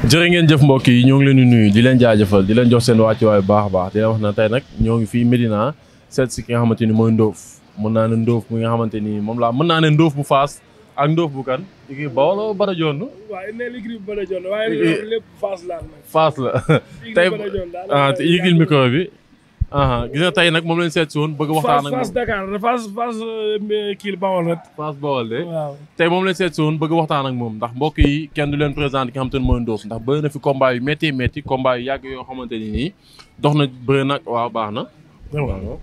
jërë ngeen jëf mbokk yi ñoo ngi leen di nuyu di leen jaajafal di leen jox seen wàccuwaay bu baax a baax di leen wax na tey nag ñoo ngi fii Medina seet si ki nga xamante ni mooy Ndoof mun naa ne Ndoof bi nga xamante ni moom laa mën naa ne Ndoof bu Faas ak Ndoof bu kan léegi Bawol Bada Joon waaye nee ligri bu Faas la Faas la tey ah bi gis nga tey nag moom lañ seet si woon bëgg waxtaan ak moom Fass euh, kii Bawol rek Fass Bawol moom lañ seet woon bëgg waxtaan ak moom ndax mbokk yi kenn du leen présenté ki nga xamante mooy Ndoss ndax bëri na fi combat yu métti métti combat yu yàgg yoo xamante ni nii dox na bëri nag waaw baax na waaw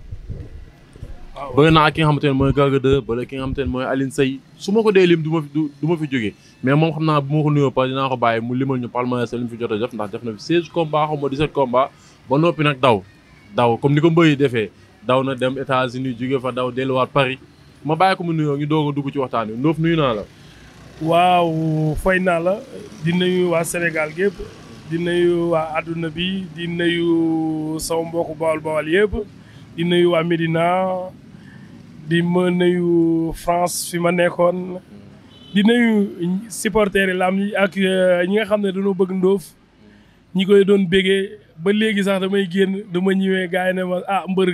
bëri ki nga xamante ne mooy Garga 2 bëri ki nga xamante ne mooy Alioune Seye su ma ko dee lim du ma fi du ma fi jógee mais moom xam naa bu ma ko nuyoo pare dinaa ko bàyyi mu limal ñu palmarès li mu fi jot a def ndax def na fi 16 combats xaw ma 17 combats ba noppi nag daw daw comme ni ko mbëri defee daw na dem États-Unis jóge fa daw delluwaat Paris ma bàyyi ko mu nuyoo ñu doo a dugg ci waxtaan wi Ndof nuyu naa la. waaw fay naa la di nuyu waa Sénégal gépp di nuyu waa àdduna bi di nuyu sama mbokku bawal bawal yëpp di nuyu waa Médina di ma nuyu France fi ma nekkoon di nuyu supporters yi lam yi ak ñi nga xam ne dañoo bëgg Ndof ñi koy doon bégee. ba léegi sax damay génn dama ma gars yi ne ma ah mbër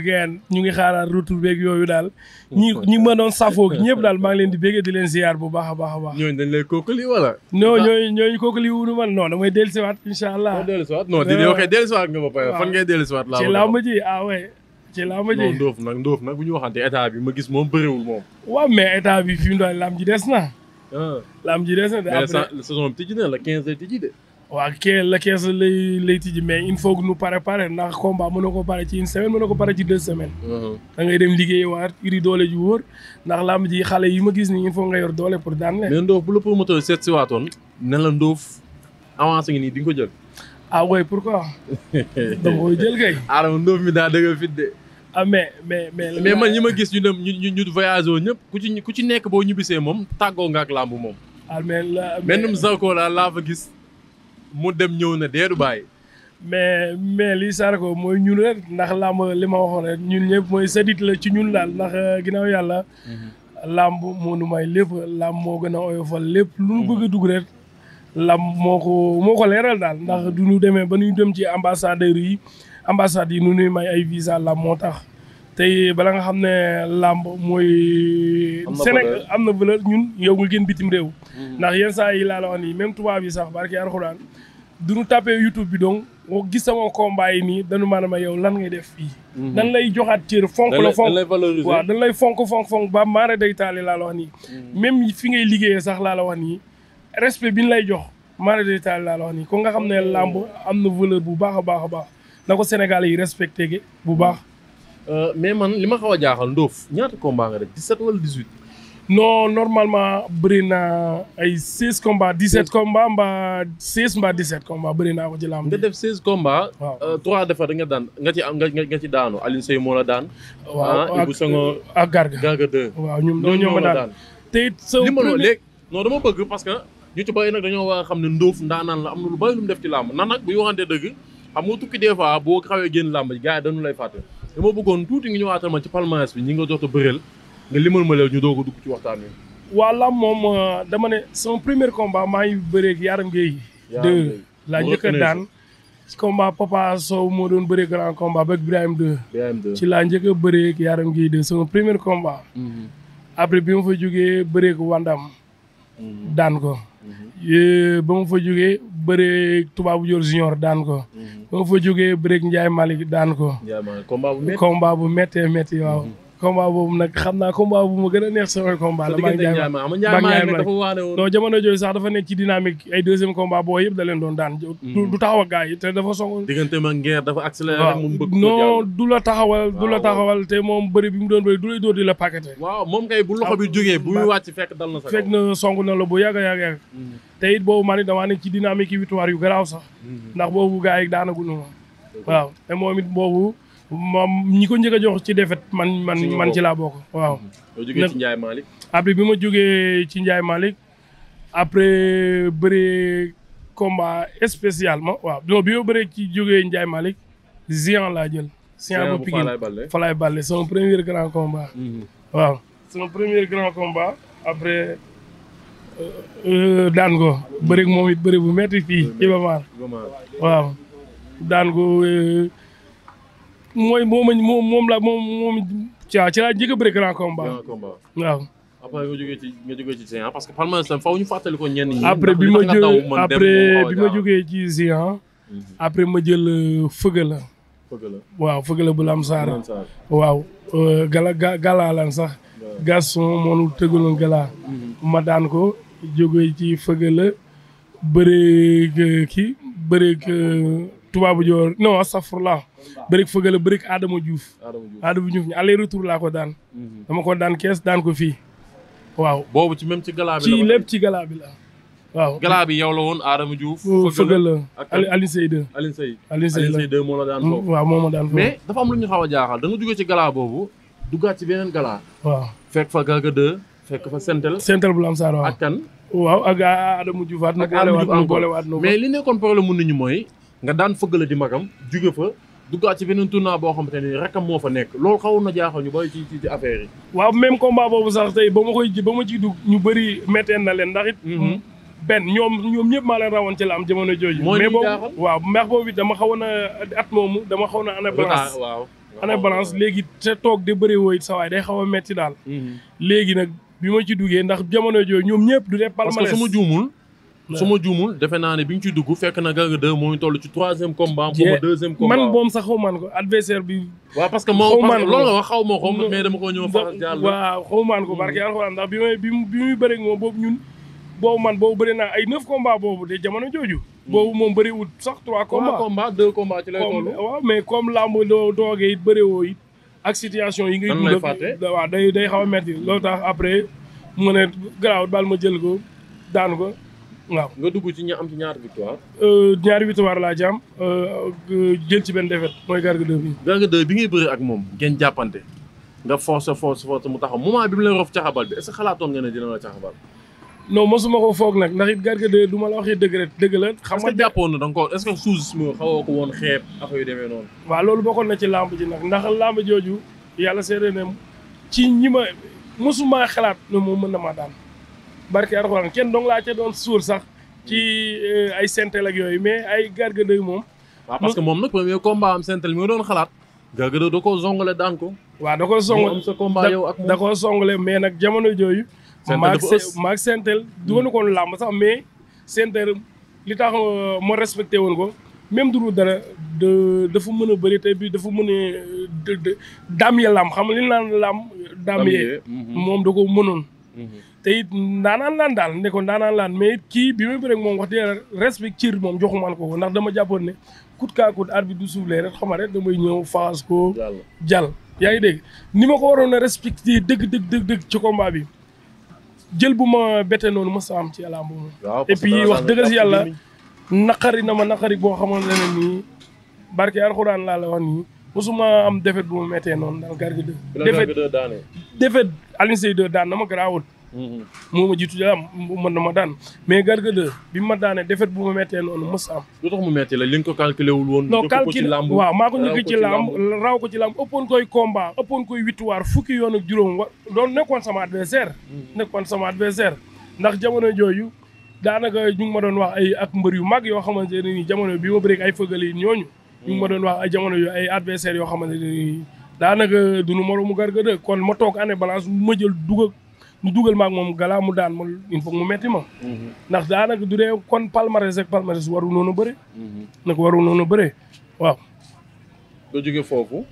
ñu ngi xaaraat retour beeg yooyu daal ñi ñi ma doon safoo gi ñëpp daal maa ngi leen di béggee di leen ziar bu baax a baax a baax ñooñu dañ lay kookali wala non ñooñu ñooñu kookali wuñu man non damay dellu siwaat incha allah dellu siwaat non di nga ba pare fan ngay dellu siwaat laa ci làmb ah ouais ci làmb ji non nag ndóof nag bu ñu waxante état bi ma gis moom bëriwul moom waaw mais état bi fi mu doon des na làmb ji des na ah. saison bi waaw kee la kees lay lay tijji mais il faut que nu pare pare ndax combat mën na ko pare ci une semaine mën na ko pare ci deux semaines. Mhm. da ngay dem liggéey waat iri doole ju wóor ndax làmb ji xale yi ma gis ni il nga yor doole pour daan leen. mais Ndof bu la promoteur seet si waatoon ne la Ndof avancé ngi nii di ko jël. ah oui pourquoi. da nga koy jël kay. Adama Ndof mi daa dëgg fit de. ah mais mais mais. mais man ñi ma gis ñu dem ñu ñu ñu voyagé woon ñëpp ku ci ku ci nekk boo ñibbisee moom tàggoo nga ak làmb moom. ah mais la mais benn laa laa gis. mu dem ñëw na dee du bàyyi. mais mais lii Sarko mooy ñun rek ndax làmb li ma waxoon rek ñun ñëpp mooy sadit la ci ñun daal ndax euh, ginnaaw yàlla. Mhm. lamb moo nu may lépp làmb moo gën a oyofal lépp. lu nu bëgg a mhm. dugg rek. lamb moo ko moo ko leeral daal ndax du ñu demee ba ñuy dem ci ambassadeurs yi ambassades yi nu ñuy may ay visa làmb moo tax. tey balaa nga xam ne làmb mooy. Sénégal am na valeur ñun yow nga gën bitim réew. Mm-hmm. ndax yan saa yi laa la wax nii même tubaab yi sax barki arxuraan du ñu tapé YouTube bi donc moo gis sama combat yi nii dañu maanaam yow lan ngay def fii. Mm-hmm. dañ lay joxaat cër fonk la fonk dañ lay fonk fonk fonk ba maanaam day taale laa la wax nii. Mm-hmm. même fi ngay liggéeye sax laa la wax nii respect bi ñu lay jox maanaam day taale laa wax nii kon nga xam ne làmb am na valeur bu baax a baax a baax na ko Sénégal yi respecte ge bu baax. Euh, mais man li ma xaw a jaaxal Ndof ñaata combat nga def 17 wala 18. non normalement bëri naa ay 16 combats 17 combats mbaa 16 mbaa 17 combats bëri naa ko ci làmb nga def 16 combats. waaw 3 euh, defar nga daan nga ci am nga ci daanu Alioune Seye moo la daan. waaw ah, ak ak Garga waaw ñoom ñoo ñoo ma daan te it li ma loo léegi non dama bëgg parce que ñu ci bëri nag dañoo war a xam ne Ndof ndaanaan la am na lu bëri lu def ci làmb nan nag bu ñu waxantee dëgg xam nga tukki des fois boo xawee génn làmb ji gars yi dañu lay fàtte. dama bëggoon tuuti nga ñëwaatal ma ci palmarès bi ñi nga jot a bëreel nga limal ma leen ñu doog a dugg ci waxtaan wi. waa lam moom euh, dama ne sama premier combat maa ngi bëreeg Yaram Gueye. de la njëkk a daan. ci combat Papa moo doon bëree grand combat ba Ibrahim 2. ci laa njëkk a Yaram Gueye de sama premier combat. Mhm. après bi ma fa jógee bëreeg Wandam. Mhm. daan ko. ba fa jógee bëree tubaabu joor junior daan ko. Mhm. ba ma fa jógee bëreeg Ndiaye Malick daan ko. combat bu méttee métti waaw. Mhm. combat boobu nag xam naa combat bu ma gën a neex samay combat la Mbaye Ndiaye ma Mbaye Ndiaye ma dafa waane woon non jamono jooju sax dafa nekk ci dynamique ay deuxième combat boo yëpp da doon daan du mm. taxaw ak te dafa songoon diggante la taxawal du la taxawal te moom bëri bi mu doon bëri du lay dóor di la paqueté waaw moom kay bu loxo bi jógee bu muy wàcc fekk dal na sa fekk na song na la bu yàgg a yàgg yàgg mm. te it boobu maa ni damaa nekk ci dynamique yi victoire yu garaaw sax mm. ndax boobu gars yi daanaguñu ma waaw te moom it boobu moom ñi ko njëkk a jox ci defet man man man ci laa bokk waaw. boo mm-hmm. jógee après bi ma jógee ci Ndiaye Malick après bëri combat spécialement waaw bi ma bëree ci jógee Ndiaye Malick Zian laa jël. Zian ba Pikine Falaay Ballé son premier grand combat. Mm-hmm. waaw son premier grand combat après euh, euh, daan ko bëri moom it bu metti fii Iba Mar waaw daan ko. Euh, mooy moom lañ moom la moom moom ci ci laa njëkk a bëri grand waaw. après parce que palmarès tam faaw ñu fàttali ko ñenn ñi. bi ma jógee après bi ma jógee ci Géant. Mhm. après ma jël euh, fëgg la. fëgg waaw fëgg la bu Lamsaara. waaw euh, gala gala lan sax. Gaston moonu tëggaloon gala. Mhm. ma daan ko ci fëgg la bëree euh, kii bëree joor non astafurlah. bërik fëgala bërik Adama Diouf Adama Diouf ñu aller retour laa ko daan mhm. dama ko daan kees daan ko fii waaw boobu ci même ci galaa bi la ci lépp bi la waaw galaa bi yow la woon Adama Diouf fëgala ak Alioune Seye 2 Alioune Seye Alioune Seye 2 moo la daan ma daan foofu mais dafa am lu ñu a jaaxal da nga jógee ci galaa boobu duggaat ci beneen galaa waaw fekk fa Gaga 2 fekk fa sentel sentel bu lam saar waaw ak kan waaw Adama Diouf waat na boolewaat na mais li nekkoon problème mu nit ñi mooy nga daan fëgala di magam jóge fa duggaat ci beneen tournoi boo xamante ne rakam moo fa nekk loolu xawoon na jaaxal ñu bari ci ci affaire yi. waaw même combat boobu sax tey ba ma koy ba ma ciy dugg ñu bëri métteen na leen ndax it. Mhm. benn ñoom ñoom ñëpp maa leen rawoon ci la am jamono jooju. mais boobu waaw ndax boobu dama xawoon a at dama xawoon a. ana ah, balance waaw ana balance léegi te toog di bëri wooy sa day xaw a metti daal. Mhm. léegi nag bi ma ci duggee ndax jamono jooju ñoom ñëpp du def palmarès parce que su ma juumul su ma juumul defe naa ne bi ñu ciy dugg fekk na Garga 2 moo ngi toll ci troisième combat. moom man moom sax xaw ko adversaire bi. waaw parce que moom nga wax xaw ma ko mais dama ko ñëw faral jàll. waaw xaw maan ko barke alxuraan ndax bi muy bëri moom boobu ñun. boobu man boobu bëri naa ay neuf combat boobu de jamono jooju. Hmm. boobu moom bëriwul sax trois combats. trois combats deux combats ci lay toll. waaw mais comme làmb doo doogee it bëriwoo it ak situation yi ngay. lan lay fàtte waaw day day xaw a metti loolu tax après mu ne ma jël ko daanu ko waaw nga dugg ci ñi am ci ñaar victoire. Euh, ñaari victoire laa ci am euh, jël ci benn défaite mooy Garga 2 bi. Garga 2 bi ngay bëri ak moom ngeen jàppante nga force force force mu taxaw moment bi mu leen rof caxabal bi est-ce que xalaatoon nga ne dina la caxabal. non mosuma ko foog nag ndax it Garga 2 du ma la waxee dëgg rek dëgg la. xam nga jàppoon na donc est-ce que suus moo xawoo ko woon xeeb affaire yu demee noonu. waaw loolu bokkoon na ci làmb ji nag ndax làmb jooju yàlla seetlee ne ci ñi ma mosuma xalaat ne moom mën na maa daan. barke alxuraan kenn dong laa ca doon suur sax ci euh, ay sentel ak yooyu mais ay gargade yu moom. waaw parce que moom nag premier combat am sentel mi nga doon koo zongale daan ko. waaw koo songale sa combat yow ak moom da koo songale mais nag jamono jooyu. sentel bu ës maag sentel dugal ko làmb sax mais sentel li tax euh, ma respecté woon ko. même du dara dafa mën a bëri tey bi dafa mën a dam ya làmb xam li ñu naan làmb mhm. moom da ko mënoon mhm. te it ndaanaan laan daal ne ko ndaanaan laan mais it kii bi may moom wax dëgg respect cër moom joxumaan ko ndax dama jàppoon ne kut kaa kut arbitre du soufflé rek xam rek damay ñëw faas ko jàll yaa ngi dégg ni ma ko waroon a respecté dëgg dëgg ci combat bi jël bu ma bette noonu ma sa am ci àlam boobu et puis wax dëgg si yàlla naqari na ma naqari boo xamante ne nii barke alxuraan laa la wax nii mosuma am defet bu ma mettee noonu daal gargi dë defet defet daan na ma garaawul moo ma jiitu am mën na ma daan mais Garga 2 bi ma daanee defet bu ma méttee noonu mës am. lu tax mu la li nga ko calculé wul woon. non calculé ko njëkk ci làmb raw ko ci làmb ëppoon koy combat ëppoon koy victoire fukki yoon juróom wa doon nekkoon sama adversaire. Mm. nekkoon sama adversaire ndax jamono jooju daanaka ñu ma doon wax ay ak mbër yu mag yoo xamante ne nii jamono bi ma bëreeg ay fëgale yi ñooñu. ñu ma doon wax ay jamono yu ay adversaire yoo xamante ne nii daanaka du nu mu Garga 2 kon ma toog année balance ma jël dugg mu dugal maag moom galaa mu daan ma il mu metti ma. Mm-hmm. ndax daanaka du dee kon palmarès rek palmarès waru noonu bëre. Mm-hmm. nag waru noonu bëre waaw. doo jógee foofu.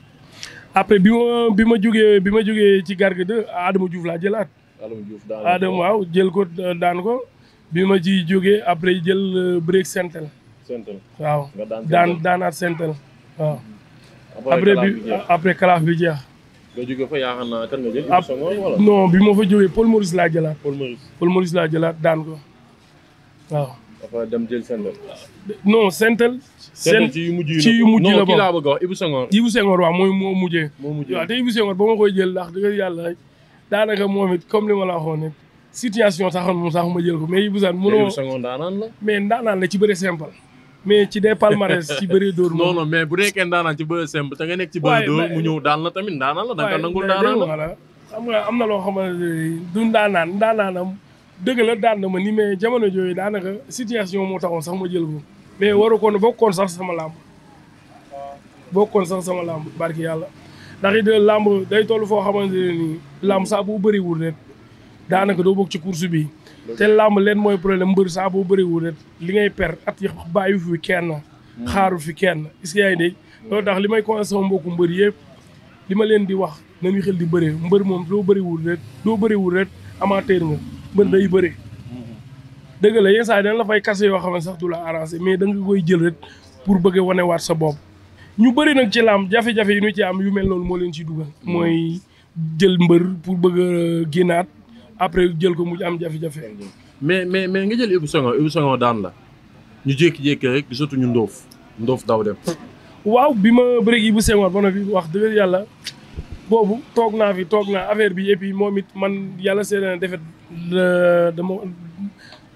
après bi ma bi ma jógee bi ma jógee ci garga de Adama Diouf laa jëlaat. Adama Diouf daan Adama waaw jël ko euh, daan ko bi ma ciy jóge après jël euh, break sentel. sentel waaw daan daanaat sentel mm-hmm. après bi après kalaaf bi jeex. nga jóge fa yaakaar naa ah, bi ma fa jógee Paul Maurice laa jëlaat. Paul Maurice Paul Maurice laa jëlaat daan dem jël Sentel. non Sentel. Sentel ci yu mujj yi ci yu mujj la bokk non kii waaw mooy moo mujjee. moo mujjee waaw te Ibou Senghor ba ma koy jël ndax yàlla rek daanaka moom it comme li ma la waxoon ne situation sax moom sax ma jël ko mais Ibou Sane. mënoo Ibou la. mais ndaanaan la ci bëre simple. mais ci des palmarès ci bëri dóor. non non mais bu nekkee daanaan ci bëri simple te nga nekk mu ñëw daan la tamit daanaan la da nga nangul daanaan la xam nga am na loo xamante ne du daanaan daanaanam dëgg la daan na ma ni jamono jooju daanaka situation moo taxoon sax ma jël ko mais waru koon bokkoon sax sama làmb bokkoon sax sama làmb barki yàlla ndax it làmb day toll foo xamante ne nii bu bëriwul rek daanaka doo bokk ci course bi te làmb leen mooy problème mbër saaboo boo bëriwul rek li ngay per at yi bàyyi fi kenn. xaaru fi kenn est-ce que loolu tax li may conseillé sama mbokku mbër yëpp li ma leen di wax nañu xel di bëree mbër moom loo bëriwul rek loo bëriwul rek amateur nga mbër day bëri. dëgg la yenn saa yi la fay yoo xam ne sax du la arrangé mais da nga koy jël rek pour bëgg a wanewaat sa bopp. ñu bëri nag ci làmb jafe-jafe yi ñu ci am yu mel noonu moo leen ci dugal. mooy jël mbër pour bëgg a génnaat. après jël ko mu am jafe-jafe. mais mais mais nga jël Ibou Senghor Ibou Senghor daan la ñu jékki-jékki rek gisatuñu ndóof ndóof daw dem. waaw bi ma bëreeg Ibou Senghor ba na fi wax dëgg yàlla boobu toog naa fi toog naa affaire bi et puis moom it man yàlla seede na defet euh, dama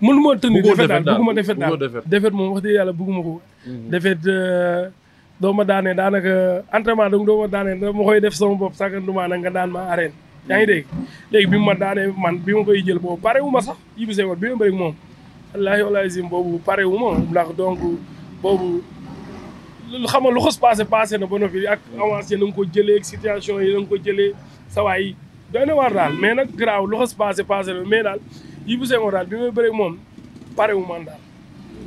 mënuma tënk. defet daal bëgguma defet daal defet moom wax yàlla bëgguma ko. Mhm. defet euh, ma daanee daanaka entraînement doo ma daanee dama koy def sama bopp sàkkandumaa nag nga daan ma arène. yaa ngi dégg léegi bi man daane man bi ma koy jël boobu pare wu ma sax Ibou Senghor bi ma bëri moom wallaahi wallaahi zim boobu pare wu ma ndax donc boobu lu xam nga lu xos passé na ba noppi ak na nga ko jëlee ak situation yi na nga ko jëlee sa waay doy na waar daal mais nag garaaw loxos xos passé na mais daal Ibou Senghor daal bi ma bëri moom pare wu man daal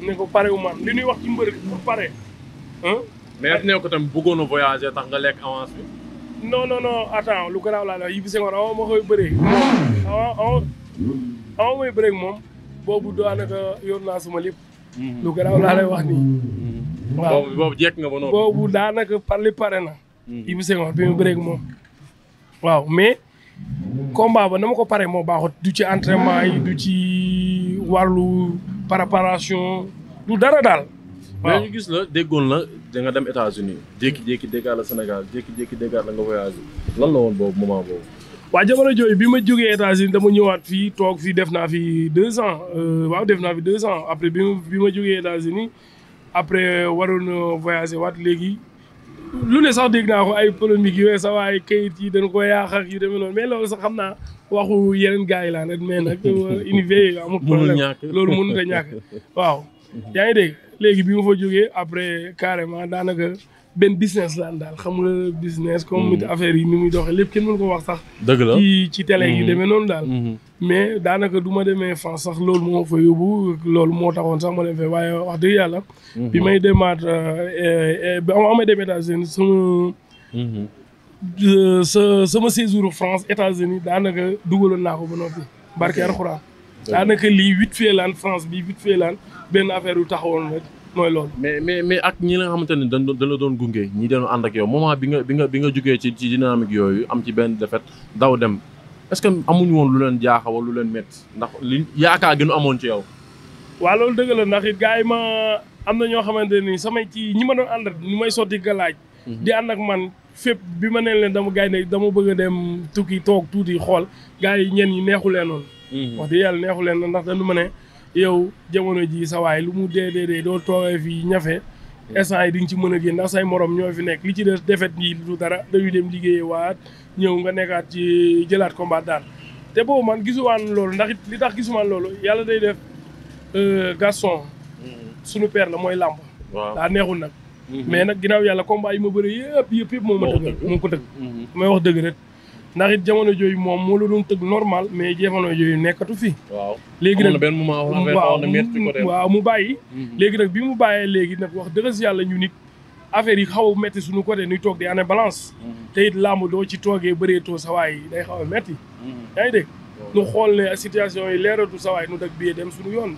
ne ko pare wu man li ñuy wax ci mbër pare ah mais ne ko tam bëggoon a voyager tax nga lekk avance bi non non non attends lu garaaw laa la Yves Senghor awa ma koy bëree moom boobu daanaka yor naa sama lépp mhm. lu garaaw wax nii mhm. waaw boobu pare na mhm. Yves bi mu bëree moom waaw mais combat ba na ko pare moo baaxut du ci entraînement yi du ci wàllu préparation du dara daal waaw gis la déggoon da nga dem États-Unis jékki-jékki déggaat la Sénégal jékki-jékki déggaat la nga voyagé lan la woon boobu moment boobu. waaw jamono jooyu bi ma jógee États-Unis dama ñëwaat fii toog fii def naa fi deux ans euh, waaw def naa fi deux ans après bi ma bi ma jógee États-Unis après waroon voyagé waat léegi. lu ne sax dégg naa ko ay polémique yooyu sax waaye kayit yi dañ koy yaax ak yu demee mais loolu sax xam naa waxu yeneen gars yi laa ne mais nag euh, univers amul problème loolu mënut a ñàkk waaw yaa ngi dégg léegi bi ma fa jógee après carrément daanaka benn business lan daal xamula nga business. comme nit hmm. affaire yi ni muy doxee lépp kenn mën ko wax sax. dëgg la ci ci télé yi hmm. demee noonu daal. Hmm. mais daanaka du ma demee France sax loolu moo fa yóbbu loolu moo taxoon sax ma dem fee waaye wax dëgg yàlla. bi may demaat euh, euh, ba ma amee dem États-Unis euh, sama. sa sama séjour France États-Unis daanaka dugaloon naa ko ba noppi barke daanaka lii huit fielaan France bi huit fielaan benn affaire yu taxawoon rek mooy loolu. mais mais ak ñi nga xamante ne dañ la doon gunge ñi doon ànd ak yow moment bi nga bi bi nga jugee ci ci dynamique am ci benn défaite daw dem est-ce que amuñu woon lu leen jaaxa wala lu ndax li yaakaar gi nu amoon ci yow. waaw loolu dëgg la ndax it gars yi ma am na ñoo xamante nii sama ci ñi ma doon ànd ñu may sotti galaaj. Mhm. di ànd ak man fépp bi ma neen leen dama gaay ne dama bëgg a dem tukki toog tuuti xool gars yi ñenn ñi neexu leen noonu Mhm. wax dëgg yàlla neexu leen ndax dañu ma ne yow jamono ji sa waay lu mu dee dee dee doo toogee fii ñafe instant yi di nga ci mën a génn ndax say morom ñoo fi nekk li ci des defet nii du dara dañuy dem liggéeye waat ñëw nga nekkaat ci jëlaat combat daal te boobu man gisuwaan loolu ndax it li tax gisuwaan loolu yàlla day def euh, Gaston mhm. sunu père la mooy làmb daa neexul nag mhm. mais nag ginnaaw yàlla combat yi ma bëri yëpp yëpp yëpp ma dëgg moo ko dëgg may wax dëgg rek ndax it jamono jooyu moom moo la doon tëgg normal mais jamono jooyu nekkatu fi. waaw léegi nag benn waaw mu bàyyi. Mhm. léegi nag bi mu bàyyee léegi nag wax dëgg yàlla ñu nit affaire yi xaw a métti suñu côté nuy toog di année balance. Mhm. te it làmb doo ci toogee bëreetoo sa waay yi day xaw a métti. Mhm. yaa nu xool ne situation yi leeratu sa waay nu dag biyee dem suñu yoon.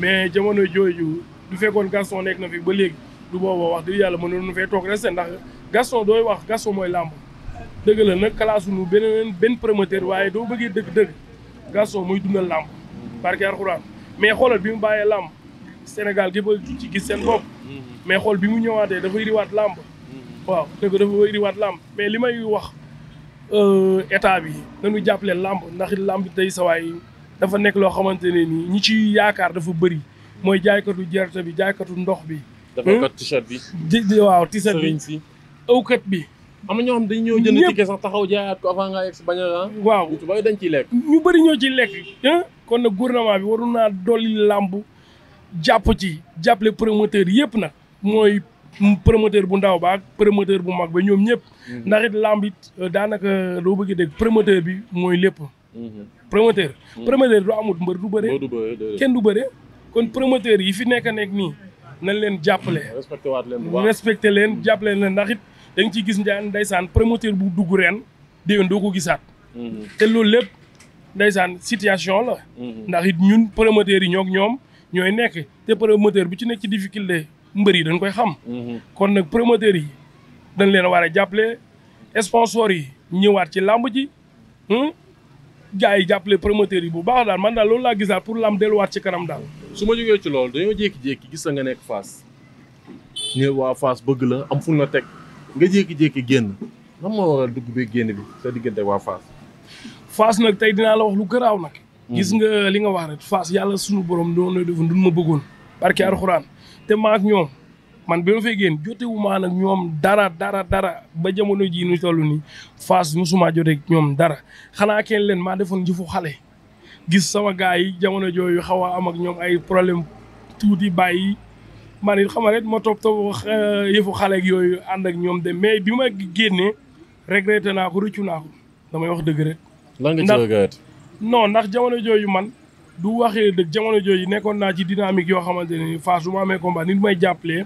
mais jamono jooju du fekkoon Gaston nekk na fi ba léegi du booba wax dëgg yàlla mënoon nu fee toog resté ndax Gaston dooy wax Gaston mooy làmb dëgg la nag kalaasu nu beneen benn promoteur waaye doo bëggee dëgg-dëgg Gaston muy dundal làmp barke alxuraan mais xoolal bi mu bàyyee làmb Sénégal gi ba ci gis seen bopp mais xool bi mu ñëwaatee dafa iriwaat làmb waaw dëgg dafa iriwaat làmb mais li may wax euh, état bi nañu jàppale làmb ndax làmb tey sawaay dafa nekk loo xamante ne nii ñi ci yaakaar dafa bëri mooy jaaykatu gerte bi jaaykatu ndox bi. dafa hmm? waaw t-shirt bi sëriñ si ëwkat bi. am ñoo xam dañ ñoo jënd ticket sax taxaw jaayaat ko avant nga yegg si ah. waaw ñu bëri dañ ciy lekk ñu bëri ñoo ciy lekk ah. kon nag gouvernement bi waru naa dolli làmb jàpp ci jàppale promoteur yëpp nag mooy promoteur bu ndaw ba ak promoteur bu mag ba ñoom ñëpp hmm. ndax it làmb euh, daanaka loo bëgg dégg promoteur bi mooy lépp hmm. promoteur hmm. promoteur du amut mbër du bëre kenn du bëre kon promoteur yi fi nekk nekk nii nañ leen jàppale respecté waat leen respecté leen jàppale leen ndax it da nga ciy gis njaan ndeysaan promoteur bu dugg ren déwén doo ko gisaat. Mhm. te loolu lépp ndeysaan situation la. Mhm. ndax it ñun promoteurs yi ñoog ñoom ñooy nekk te promoteur bu ci nekk ci difficulté mbër yi dañ koy xam. Mhm. kon nag promoteurs yi dañ leen war a jàppale sponsors yi ñëwaat ci làmb ji. Hmm? gaa yi jàppale promoteurs yi bu baax daal man daal loolu laa gisaat pour lam delluwaat ci kanam daal. su ma jógee ci loolu dañoo jékki-jékki gis nga nekk Fass. ñu waa Fass bëgg la am fu la teg. nga jékki-jékki génn lan moo waral dugg bi génn bi sa diggante waa Fass. Fass nag tey dinaa la wax lu garaaw nag. Hmm. gis nga li nga wax rek Fass yàlla suñu borom doon na du duñ ma bëggoon. barke alxuraan te ma ak ñoom man bi ma génn jotewu maa nag ñoom dara dara dara ba jamono jii nu toll nii Fass mosuma joteeg ñoom dara xanaa kenn leen maa defoon jëfu xale. gis sama gars yi jamono jooju xaw a am ak ñoom ay problème tuuti bàyyi. man it xam rek ma topp topp euh, yëfu xale ak yooyu ànd ak ñoom dem mais bi ma génnee regretté naa ko rëccu naa ko damay wax dëgg rek. nga ci regret non ndax jamono jooju man du waxee dëgg jamono jooju nekkoon naa ci dynamique yoo xamante ne nii phase bu ma amee combat nit may jàppalee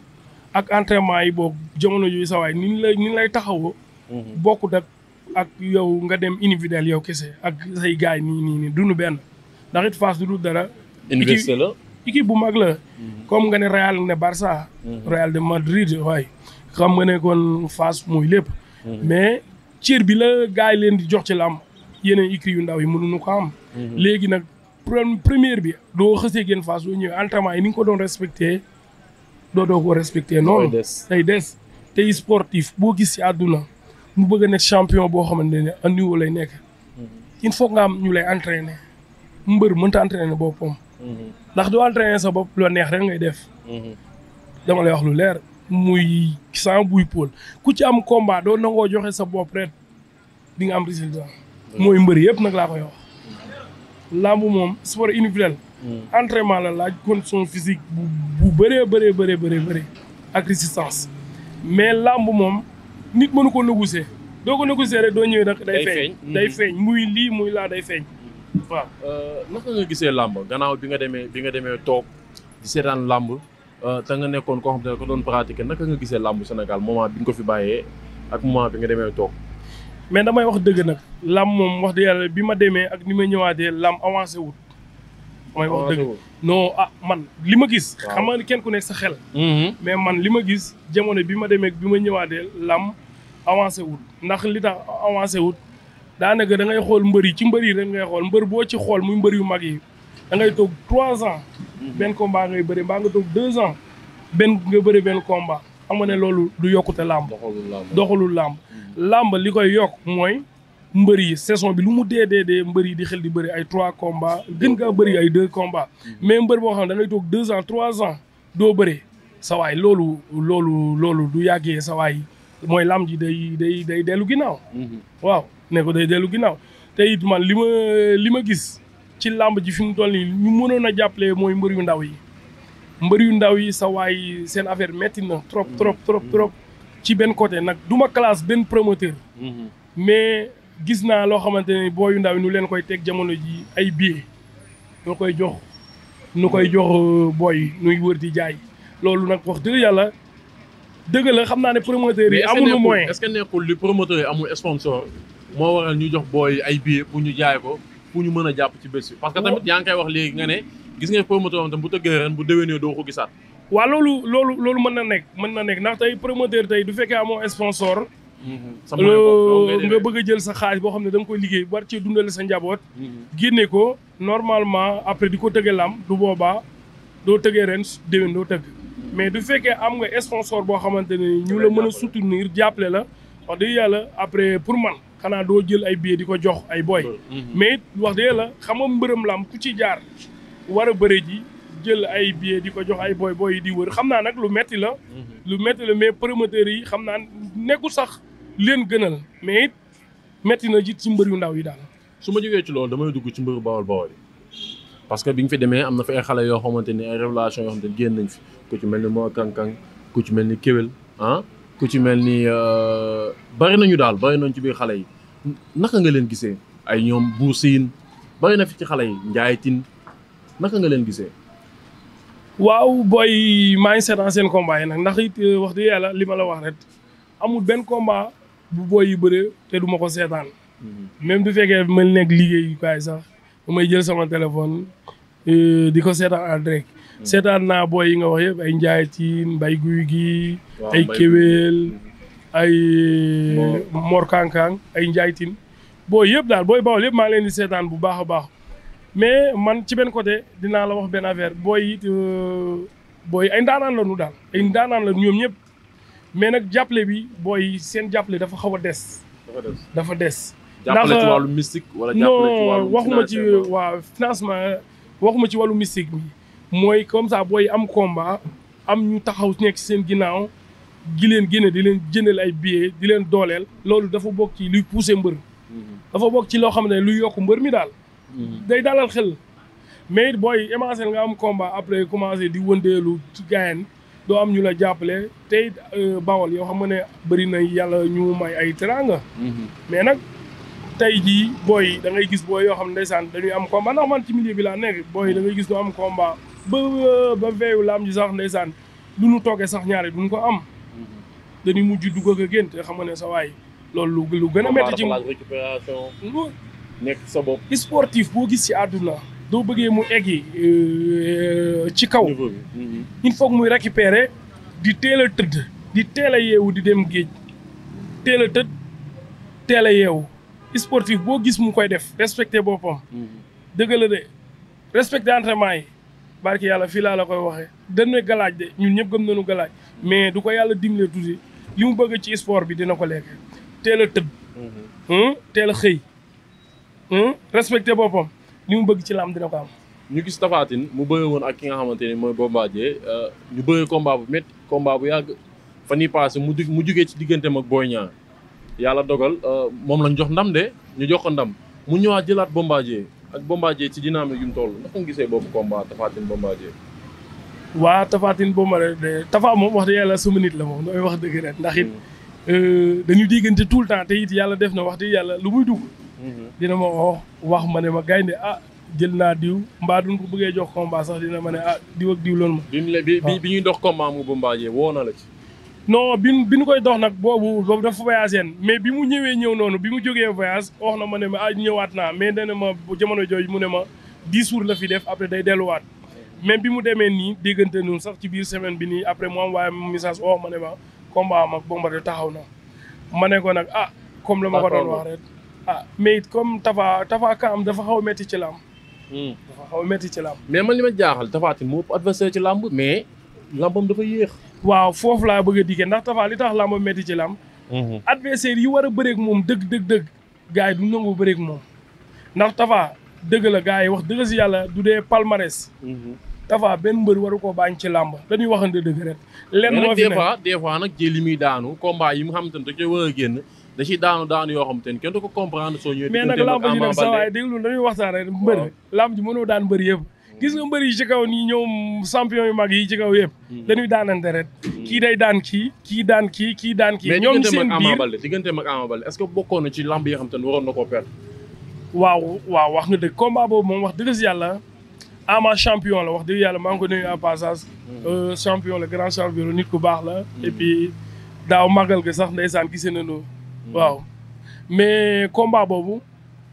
ak entraînement yi boog jamono jooju sa waay ni lay ni lay taxawoo. Mhm. bokkut ak ak yow nga dem individuel yow kese ak say gaay ni nii nii duñu benn ndax it phase du dul dara. université la. équipe bu mag la. comme nga ne Real nga ne Barça. Mhm. Real de Madrid waaye xam nga ne kon Fass mooy lépp. Mhm. mais cër bi la gars yi leen di jox ci làmb yeneen écuries yu ndaw yi mënuñu ko mhm. léegi nag première bi doo xësee génn Fass doo ñëwee entraînement yi ni nga ko doon respecté doo doo ko respecté noonu. day des tey sportif boo gis ci àdduna mu bëgg a champion boo xamante ne à niveau lay nekk. il faut nga am ñu lay entraîné mbër mënta entraîné boppam. ndax du entraîner sa bopp loo neex rek ngay def. dama lay wax lu leer muy sans buy pôl ku ci am combat doo nangoo joxe sa bopp rek di nga am résultat. mooy mbër yëpp nag laa koy wax. làmb moom sport individuel. entraînement la laaj condition physique bu bu bëree bëree bëree bëree ak résistance mais làmb moom nit mënu ko négocier doo ko négocier rek doo ñëw nag. day feeñ day mhm. feeñ muy lii muy laa day feeñ. waaw euh, naka nga gisee làmb gannaaw bi nga demee bi nga demee toog di seetaan làmb euh, te nga nekkoon ko xam te ne ko doon pratiquer naka nga gisee làmb Sénégal moment bi nga ko fi bàyyee ak moment bi nga demee toog. mais damay wax dëgg nag làmb moom wax dëgg yàlla bi ma demee ak ni ma ñëwaatee làmb avancé wut. damay wax dëgg non ah man li ma gis. xam nga kenn ku nekk sa xel. Mm-hmm. mais man li ma gis jamono bi ma demee bi ma ñëwaatee làmb avancé wut ndax li tax avancé wut. daanaka da ngay xool mbër yi ci mbër yi rek xool mbëri boo ci xool muy mbëri yu mag yi da toog trois ans benn combat ngay bëri mbaa nga toog deux ans benn nga bëri benn combat xam nga ne loolu du yokkute làmb doxalul làmb làmb li koy yokk mooy mbër yi saison bi lu mu dee dee dee mbër yi di xel di bëri ay trois combats gën ngaa bëri ay deux combats mais mbër boo xam ne da toog deux ans trois ans doo bëri sawaay loolu loolu loolu du yàggee sawaay mooy làmb ji day day day dellu ginnaaw mhm. ne ko dellu ginnaaw te it man li ma li ma gis ci làmb ji fi mu toll nii ñu mënoon a jàppale mooy mbër yu ndaw yi mbër yu ndaw yi sa waay seen affaire metti na trop trop trop ci benn côté nag du ma classe benn promoteur mhm. mais gis naa loo xamante ne boo yu ndaw yi nu leen koy teg jamono ji ay billets nu koy jox nu koy mhm. jox euh, booy nuy wër di jaay loolu nag wax dëgg yàlla dëgg xam naa ne promoteurs yi. amuñu moyen est-ce que nekkul li yi amul sponsor. moo waral ñu jox booy ay billets pour ñu jaay ko pour ñu mën a jàpp ci bés bi. parce que tamit yaa ngi koy wax léegi nga ne gis nga promoteur am tam bu tëggee ren bu déwénee doo ko gisaat. waaw loolu loolu loolu mën na nekk mën na nekk ndax tey promoteur tey du fekkee amoo sponsor. Mm-hmm. Euh, nga bëgg a jël sa boo xam ne da nga koy liggéey war cee dundale sa njaboot. Mm-hmm. génne ko normalement après di ko tëggee lam du boobaa doo tëggee ren déwén doo tëgg. mais du fekkee am nga sponsor boo xamante ne ñu la mën a soutenir jàppale la yàlla après pour man. xanaa doo jël ay billet di ko jox ay booy mm-hmm. mais wax dëgg la xam nga mbërëm lam ku ci jaar war a bëre ji jël ay billet di ko jox ay booy boy yi di wër xam naa nag lu metti la mm-hmm. lu metti la mais promoteurs yi xam naa nekku sax leen gënal mais it metti na jiit su mbër yu ndaw yi daal su ma jógee ci loolu damay dugg ci mbëru bawol bawol yi parce que bi nga fi demee am na fi ay xale yoo xamante ni ay révélation yoo xamante ni génn nañ fi ku ci mel ni moo kankang ku ci mel ni kéwél ah ku ci mel ni euh, bari nañu daal bari nañ ci biir xale yi naka nga leen gisee ay ñoom buur siin bari na fi ci xale yi njaay tin naka nga leen gisee waaw booy maa ngi seetaan seen combat nag ndax it euh, wax dëgg yàlla li ma la wax rek amul benn combat bu booy yi bëree te du ma ko seetaan mm-hmm. même du fekkee ma nekk liggéeyukaay sax may jël sama téléphone euh, di ko seetaan en direct seetaan naa booy yi nga wax yëpp ay njaay tiin mbay guy gi ay kéwéel mm-hmm. ay mor kankang ay njaay tiin booy yëpp daal booy bawol yëpp maa leen di seetaan bu baax a baax mais man ci benn côté dinaa la wax benn affaire booy it euh, booy ay ndaanaan la ñu daal ay ndaanaan la ñoom ñëpp mais nag jàppale bi booy seen jàppale dafa xaw a des dafa des jàppale ci euh, wàllu mystique wala jàppale ci wàllu non waxuma ci euh, waaw financement waxuma ci wàllu mystique bi mooy comme ça booy am combat am ñu taxaw nekk ci seen ginnaaw gi leen génne di leen jëndal ay billets di leen dooleel loolu dafa bokk ci luy pousser mbër mm-hmm. dafa bokk ci loo xam ne luy yokk mbër mi daal mm-hmm. day dalal xel mais it booy émancel nga am combat après commencé di wëndeelu gayen doo am ñu la jàppale tey it euh, bawol yoo xam nga ne bëri na yàlla ñu may ay teranga mm-hmm. mais nag tey jii booy da ngay gis booy yoo xam ne ndeysaan dañuy am combat ndax man ci milieu bi laa nekk booy da ngay gis ñu am combat ba ba veyu laam ji sax ndeysaan lu nu toogee sax ñaari duñ ko am. dañuy mujj dugg ak a génn te xam nga ne sa waay lool lu gën a métti ci récupération nekk sa bopp sportif boo gis ci àdduna doo bëggee mu eggi euh, ci kaw mhm. il foog muy récupérer di teel a tëdd di teel a yeewu di dem géej teel a tëdd teel a yeewu sportif boo gis mu koy def respecté boppam mhm. dëgg de respecté entraînement yi barki yàlla fii laa la koy waxee dañu galaaj de ñun ñëpp gëm nañu galaaj mais du ko yàlla dimle tuuti li mu bëgg ci sport bi dina ko lekk teel a tëdd mhm. hmm? teel a xëy hmm? respecté boppam li mu bëgg ci lam dina ko am ñu gis Tapha mu bëre woon ak ki nga xamante ni mooy Bombardier euh, ñu bëre combat bu métti combat bu yàgg fan yii passé mu mu jugee ci digganteem ak Boy Niang yàlla dogal euh, moom lañ jox ndam de ñu jox ko ndam mu ñëwaat jëlaat Bombardier ak Bombardier ci dynamique yu mu toll ndax nga gisee boobu combat Tapha Tine Bombardier. waa Tapha Tine Bombardier Tapha moom wax dëgg yàlla suma nit la moom damay wax dëgg rek ndax it hmm. euh, dañu diggante tout le temps te it yàlla def na wax dëgg yàlla lu muy dugg. Hmm. dina ma oo wax ma ne ma gaynde ah jël naa diw mbaa duñ ko bëggee jox combat sax dina ma ne ah diw ak diw ma. bi bi bi ñuy dox combat mu Bombardier woo na la ci. non bi bi ñu koy dox nag boobu boobu dafa voyagé mais bi mu ñëwee ñëw noonu bi mu jógee voyage wax na ma ne ma ah ñëwaat mais nee na ma jamono jooju mu ne ma dix jours la fi def après day delluwaat. même bi mu demee nii déggante noonu sax ci biir semaine bi nii après mu am waaye message wax ma ne ma combat am ak Bombardier taxaw na ma ne ko nag ah. comme la ma ko wax rek ah mais it comme Tafa Tafa Kaam dafa a métti ci làmb. Hmm. dafa mais man li ma jaaxal Tapha Tine moo ëpp adversaire ci làmb mais làmbam dafa yéex. waaw foofu laa bëgg a ndax Tapha li tax làmb métti ci làmb mhm. adversaire yi war a bëreeg moom dëgg dëgg dëgg gars yi du nangu bëreeg moom ndax tafaa dëgg la gars yi wax dëgg si yàlla du dee palmarès mhm. Tapha benn mbër waru ko baañ ci làmb dañuy waxante dëgg rek lenn moo fi ne des fois des fois nag muy daanu combat yi mu xam te da cee war a génn da ciy daanu daanu yoo xam te ne kenn du ko comprendre soo ñëwee mais nag làmb ji nag sa waay déglu dañuy daan mbër yëpp gis nga mbër yi ci kaw ni ñoom champion yu mag yi ci kaw yëpp. Hmm. dañuy daanante ret hmm. kii day daan kii kii daan kii kii daan kii. ñoom seen biir digganteem ak Ama Baldé est-ce que bokkoon na ci lamb yi xam te ne waroon waaw waaw wax nga dëgg combat boobu moom wax dëgg si yàlla Ama champion la wax dëgg yàlla maa ngi ko nuyu en passage. Hmm. Euh, champion la grand champion la nit ku baax la. et puis daaw màggal ga sax saan gisee nañu. waaw mais combat boobu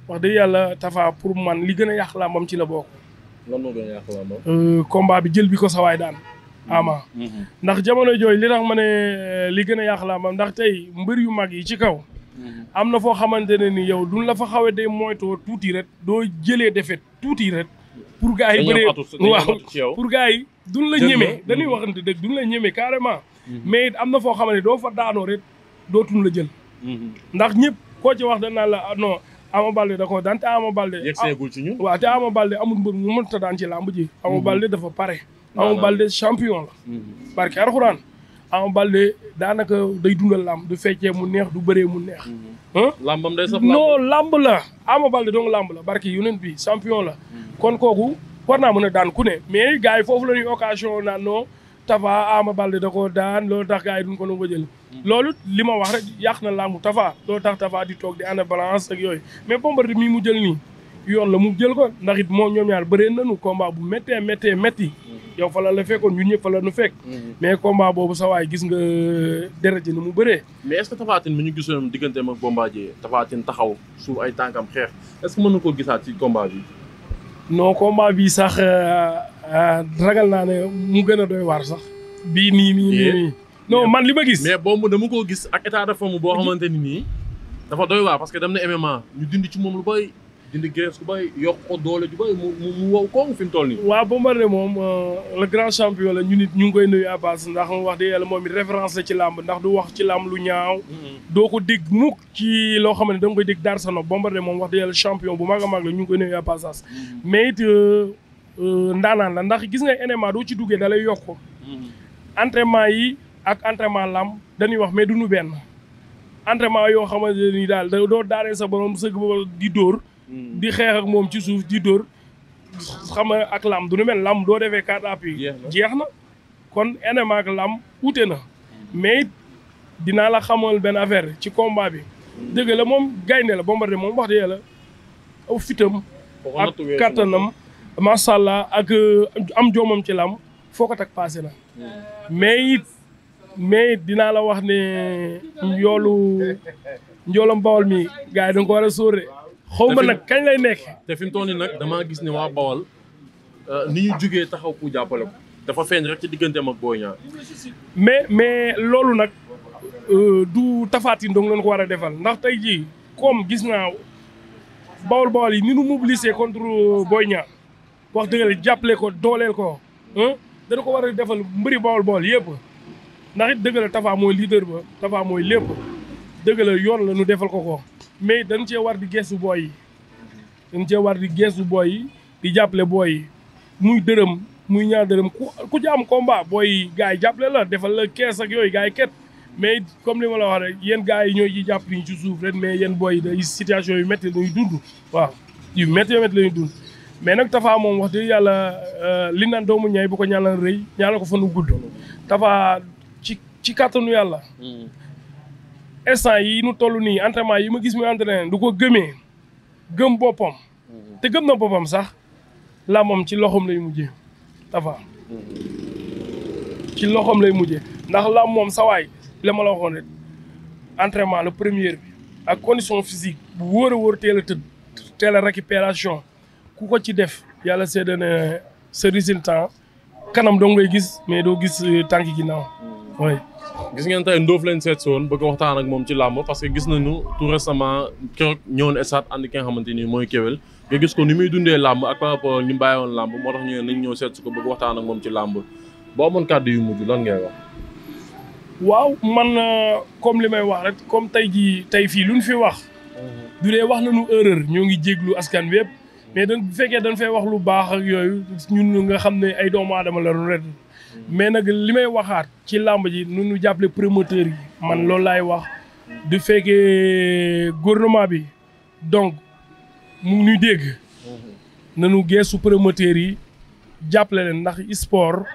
wax dëgg yàlla Tafa pour man li gën a yàq làmbam ci la bokk. lan moo euh, bi jël bi ko sawaay daan ama mhm. ndax jamono jooy li tax ma ne euh, li gën a yàq làmb ndax tey mbër yu mag yi ci kaw mhm. am na foo xamante ne ni yow duñ la fa xawe day moytoo tuuti rek doo jëlee defet tuuti rek pour gars yi bëree waaw pour gars yi duñ la ñeme dañuy waxante dëgg duñ la ñeme carrément mhm. mais it am na foo xam ne doo fa daanoo rek dootuñ la jël ndax ñëpp koo ci wax danaa la ah, non Ama Baldé da koo daan te Ama Baldé. yegseegul ah, ci ñun waaw te Ama Baldé amul mbër mu mënta daan ci làmb ji. Mhm. Ama Baldé dafa pare. Ama Baldé champion la. Mhm. barke Alxuraan Ama Baldé daanaka day dundal làmb du feccee mu neex du bëree mu neex. Mhm. làmbam day saf làmb non làmb la Ama Baldé dong làmb la barke yonent bi champion la. kon kooku war naa mën a daan ku ne mais gars yi foofu la ñuy occasion naan non Tapha Ama Baldé da koo daan loolu tax gars yi duñ ko doon loolu li ma wax rek yàq na laamu Tapha loolu tax Tapha di toog di ànd balance ak yooyu mais Bombardier mii mu jël nii yoon la mu jël ko ndax it moo ñoom ñaar bëree nañu combat bu méttee méttee métti yow fa la la fekkoon ñëpp fa nu fekk. Mhm. mais combat boobu sa waay gis nga deret ji ni mu bëree. mais est-ce que Tapha Tine mi ñu gisoon digganteem ak Bombardier Tapha Tine taxaw suuf ay tànkam xeex est mën na koo gisaat ci combat bi. non combat bi sax euh, euh, ragal naa ne mu gën a doy waar sax. bii nii nii nii. non man li ma gis. mais boobu dama koo gis ak état de forme boo xamante ni nii. dafa doy waar parce que dem na MMA ñu dindi ci moom lu bay dindi graisse lu bay yokk ko doole ju bay mu mu wow kooku fi mu toll nii. waaw Bombardier moom euh, la grand champion la ñu nit ñu ngi koy nuyu Abbas ndax wax dëgg yàlla moom it référence la ci làmb ndax du wax ci làmb lu ñaaw. Mm-hmm. doo ko dégg mukk ci loo xam ne da koy dégg daar sa nopp Bombardier moom wax dëgg yàlla champion bu mag a mag la ñu ngi koy nuyu Abbas mm-hmm. mais it euh, euh, ndaanaan la ndax gis nga MMA doo ci duggee da lay yokk. Mm-hmm. entraînement ak entraînement làmb dañuy wax mais duñu benn entraînement yoo xamante ni daal da doo daanee sa borom sëgg ba di dóor. Hmm. di xeex ak moom ci suuf di dóor xam nga ak làmb duñu mel làmb doo defee quatre appuis jeex na kon enema ak làmb wute na mais dinaa la xamal benn affaire ci komba bi. Hmm. dëgg la moom gaynde la Bombardier moom wax dëgg yàlla aw fitam ak kattanam macha allah ak euh, am joomam ci làm foo ko tak passé na hmm. mais it mais dinaa la wax ne njoolu njoolam bawal mi gaa yi da nga ko war a sóore xaw ma nag kañ lay nekk te fi mu toll nag damaa gis ne waa bawal euh, ni ñu jugee taxaw ku jàppale ko dafa feeñ rek ci digganteem ak Boy Niang mais mais loolu nag euh, du tafaatin dong leen ko war a defal ndax tey jii comme gis naa bawol bawol yi ni nu mobiliser contre Boy Niang wax dëgg jàppale ko dooleel ko dana ko war a defal mbëri bawol bawol yëpp ndax it dëgg la Tapha mooy leader ba Tapha mooy lépp dëgg la yoon la nu defal ko ko mais dañ cee war di geesu booy yi dañ cee war di geesu booy yi jàppale booy muy dërëm muy ñaar dërëm ku ku ci am combat booy yi gars yi jàppale la defal la kees ak yooyu gars yi ket mais comme li ma la wax rek yéen gars yi ñooy ci jàpp ni ci suuf rek mais yéen booy yi day situation yu métti la dund waaw yu métti yu métti la ñuy dund mais nag Tapha moom wax dëgg yàlla euh, li naan doomu ñay bu ko ñaanal rëy ñaa ko fan wu ci kàttanu yàlla. Hmm. instant yi nu toll nii entraînement yi ma gis muy entraîné du ko gëmee gëm boppam. Hmm. te gëm na boppam sax la moom ci loxoom lay mujjee Tapha. Hmm. ci loxom lay mujjee ndax la moom sawaay la ma la waxoon rek la premiere bi ak condition physique bu wóor a wóor teel a tëdd teel a récupération ku ko ci def yàlla seede na sa résultat kanam dong ngay gis mais doo gis eh, tànk ginnaaw oui. gis ngeen tey Ndof lañ seet si woon bëgg waxtaan ak moom ci làmb parce que gis nañu tout récemment keroog ñëwoon stade ànd ki nga xamante ni mooy kéwel nga gis ko ni muy dundee làmb ak par rapport ñu bàyyi woon làmb moo tax ñu nañ ñëw seet si ko bëgg waxtaan ak moom ci làmb boo amoon kàddu yu mujj lan ngay wax. waaw man euh, comme li may wax rek comme tey jii tey fii luñ fi wax. Mhm. du dee wax nañu erreur ñoo ngi jéglu askan wépp mais dañ bu fekkee dañ fay wax lu baax ak yooyu ñun nga xam ne ay doomu aadama la ret mais nag li may waxaat ci làmb ji nu ñu jàppale promoteur yi man loolu laay wax du fekkee gouvernement bi donc mu ñuy dégg nañu geesu promoteur yi jàppale leen ndax sport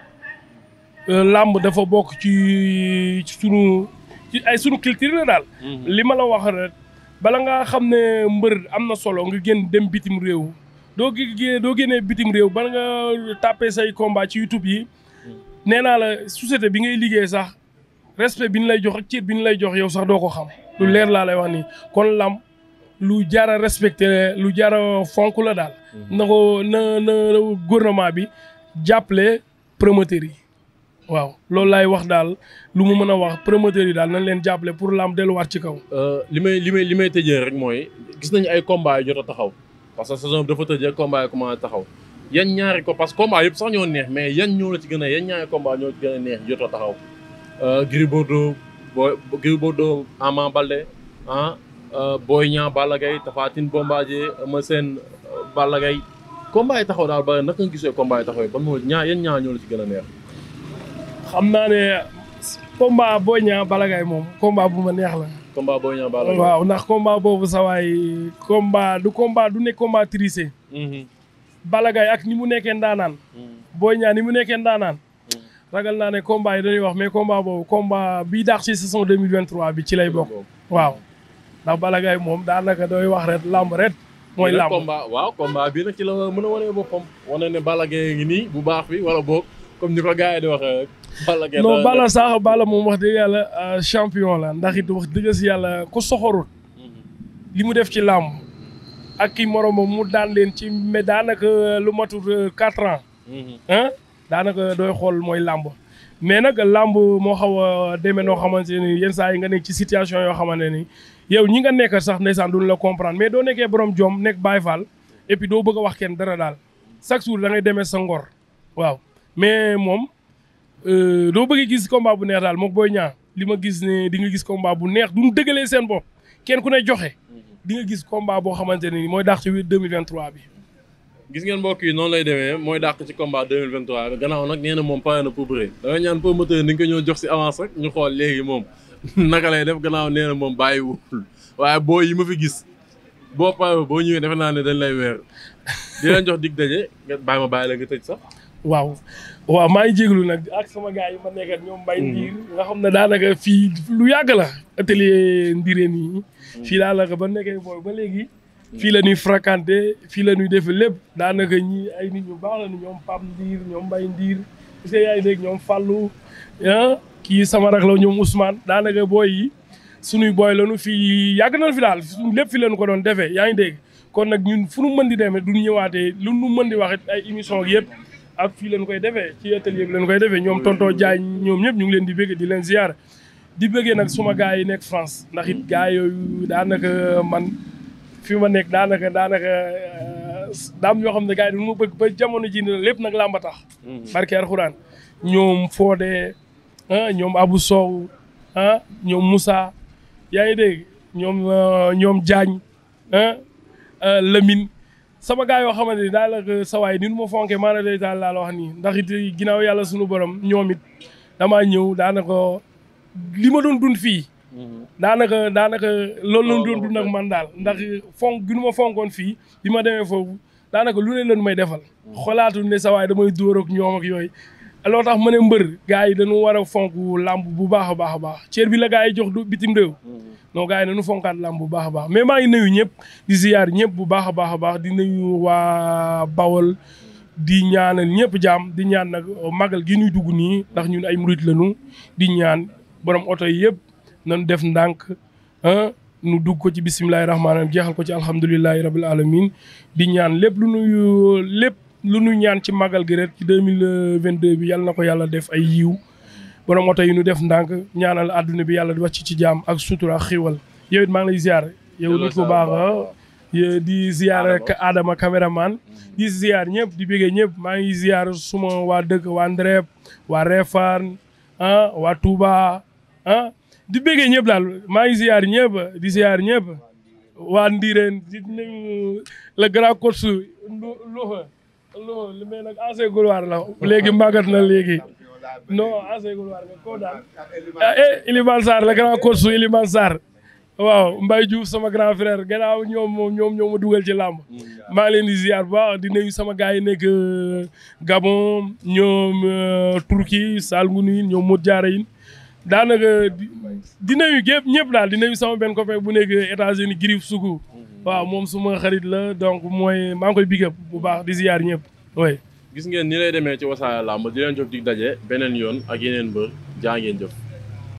euh, làmb dafa bokk ci sunu ci ay sunu culture la daal mhm. li ma la wax rek bala nga xam ne mbër am na solo nga génn dem bitim réew doo doo génnee bitim réew bala nga tàppee say combat ci YouTube yi nee naa la société bi ngay liggéey sax respect bi ñu lay jox ak cër bi ñu lay jox yow sax doo ko xam lu leer laa lay wax nii kon lam lu jara respecté lu jara fonk la daal. Mhm. na ko na na gouvernement bi jàppale promoteurs yi. waaw loolu laay wax daal lu mu mën a wax promoteurs yi daal nañ leen jàppale pour lam delluwaat ci kaw. Euh, li may li may li may tëjee rek mooy gis nañu ay combats yu jot taxaw parce que saison bi dafa tëjee combat yi commencé taxaw. yan ñaari ko parce que combat yëpp sax ñoo neex mais yan ñoo la ci gën a yan ñaari combat ñoo ci a neex jotoo taxaw. Euh, Gris Bordeaux Boy Gris Bordeaux Ama Baldé ah, euh, Boy Niang Balla Gaye Tapha Tine Bombardier Eumeu Sène euh, Balla Gaye taxaw daal ba naka gise gisee combat yi taxaw yi ban moo ñaar yan ñaar ñoo la ci gën a neex. xam naa ne combat Boy Niang Balla moom combat bu ma neex la. combat Boy Niang Balla boobu sawaay combat du combat du ne combat triché. Balla Gaye ak ni mu nekkee ndaanaan. Hmm. Boy ñaan ni mu nekkee ndaanaan. Hmm. ragal naa ne combat yi wax mais combat boobu combat bii daax ci saison 2023 bi ci lay bokk. waaw ndax Balla Gaye moom daanaka dooy wax ret làmb rek mooy lamb combat waaw combat bii nag ci la mën a wane boppam. wane ne Balla Gaye ngi nii bu baax bi wala boog comme ni ko gars yi di wax Balla Gaye non Balla moom wax dëgg yàlla euh, champion la ndax it wax dëgg si yàlla ku soxorut. Hmm. li mu def ci lamb. ak ki moromam mu daan leen ci mais daanaka lu matul euh, quatre ans. ah daanaka dooy xool mooy làmb. mais nag làmb moo xaw a demee noo xamante ni yenn saa yi nga nekk ci situation yoo xamante ni yow ñi nga nekk sax ndeysaan duñu la comprendre doo nekkee borom jom nekk Baay Faal et puis doo bëgg a wax kenn dara daal chaque jour da ngay demee sa ngor waaw mais moom euh, doo bëgg gis combat bu neex daal moom booy ñaa li ma gis ne di nga gis combat bu neex duñu dëgalee seen bopp kenn ku ne joxe. Mhm. di nga gis combat boo xamante ne nii mooy daax ci 2023 bi. gis ngeen mbokk yi noonu lay demee mooy dàq ci combat 2023 bi gannaaw nag nee na moom pare na pour bëre dangay ni nga jox si rek ñu xool léegi moom naka lay def gannaaw nee na moom bàyyiwul waaye boo yi ma fi gis boo boo ñëwee defe naa ne dañ lay weer di leen jox dig daje nga bàyyi ma bàyyi la nga tëj maa ngi jégalu nag ak sama gars yi ma nekk ak ñoom Mbaye mm. nga xam ne daanaka fii lu yàgg la atelier Ndireen yi. fii laa la ko ba nekkee booy ba léegi. fii la ñuy fréquenté fii la ñuy def lépp daanaka ñi ay nit ñu baax la ñu ñoom Pape Ndiir ñoom Mbaye Ndiir parce que yaay dégg ñoom Fallou ah kii sama rak la ñoom Ousmane daanaka booy yi su suñuy booy nu fii yàgg nañ fi daal lépp fi lañu ko doon defee yaa ngi dégg. kon nag ñun fu nu mën di demee du ñëwaatee lu nu mën di wax ay émission ak yëpp ak fii lañ koy defee ci atelier la lañ koy defee ñoom tonton Diagne ñoom ñëpp ñu ngi leen di bëgg di leen ziar. di bëggee nag suma gars yi nekk France ndax it gars yooyu daanaka man fi ma nekk daanaka daanaka euh, daam yoo xam ne gars yi du ma ba jamono ji nii lépp nag làmba tax. Mhm. barke alxuraan ñoom Fodé ah ñoom Abou Sow ah ñoom Moussa yaa ngi dégg ñoom euh, ñoom Diagne ah euh, Lamine. sama gars yoo xamante ni daanaka sa waay ni nu ma fonkee maanaam day daal laa la wax nii ndax it ginnaaw yàlla suñu borom ñoom damaa ñëw daanaka. li ma doon dund fii. Mhm. daanaka daanaka loolu la doon dund man daal ndax fonk gi nu ma fonkoon fii bi ma demee foofu daanaka lu ne leen may defal. Mhm. xoolaatul ne sa waay damay dóor ak ñoom ak yooyu. loo tax ma ne mbër gars yi dañu war a fonk làmb bu baax a baax a baax cër bi la gars yi jox du bitim réew. Mhm. non gars yi dañu fonkaat lamb bu baax baax mais maa ngi nuyu ñëpp di ziyaar ñëpp bu baax a baax a baax di nuyu waa Bawol. di ñaan ñëpp jaam di ñaan magal gi ñuy dugg nii ndax ñun ay murit lañu di ñaan borom oto yi yëpp nañ def ndànk ah, nu dugg ko ci bisimilahi rahmaani rahiim jeexal ko ci alhamdulilahi rabil alamin di ñaan lépp lu nuyu lépp lu nu ñaan ci màggal gi ret ci deux mille vingt deux bi yàlla na ko yàlla def ay yiw borom oto yi nu def ndànk ñaanal àdduna bi yàlla wàcc ci jaam ak sutura ak xiwal yow it maa ngi lay yow nit ku baax ah, di ziar ak ñëpp di bëggee ñëpp maa ngi ziar suma waa dëkk waa Ndreeb waa Réfane ah waa ah di béggee ñëpp daal maa ngi ziar ñëpp di ziar ñëpp waa Ndiréen di nuyu le grand coach Louga Louga li may nag ancien gloire la léegi màggat na léegi non ancien gloire nga koo daal ah, eh Ilimane Sarr le grand coach Ilimane Sarr waaw Mbaye Diouf sama grand frère gannaaw ñoom moom ñoom ñoo ma dugal ci làmb maa ngi leen di ziar bu baax di nuyu sama gars yi nekk euh, Gabon ñoom euh, Turquie Sal Ngounin ñoom Modou Diarra yin daanaka di nuyu gépp ñëpp daal di nuyu sama benn copain bu nekk États-Unis Girif Sougou mhm. waaw moom suma xarit la donc mooy maa ngi koy big bu baax di yaar ñëpp oui. gis ngeen ni lay demee ci Wassare Lamb di leen jox di dajee beneen yoon ak yeneen mbër jaa ngeen jëf.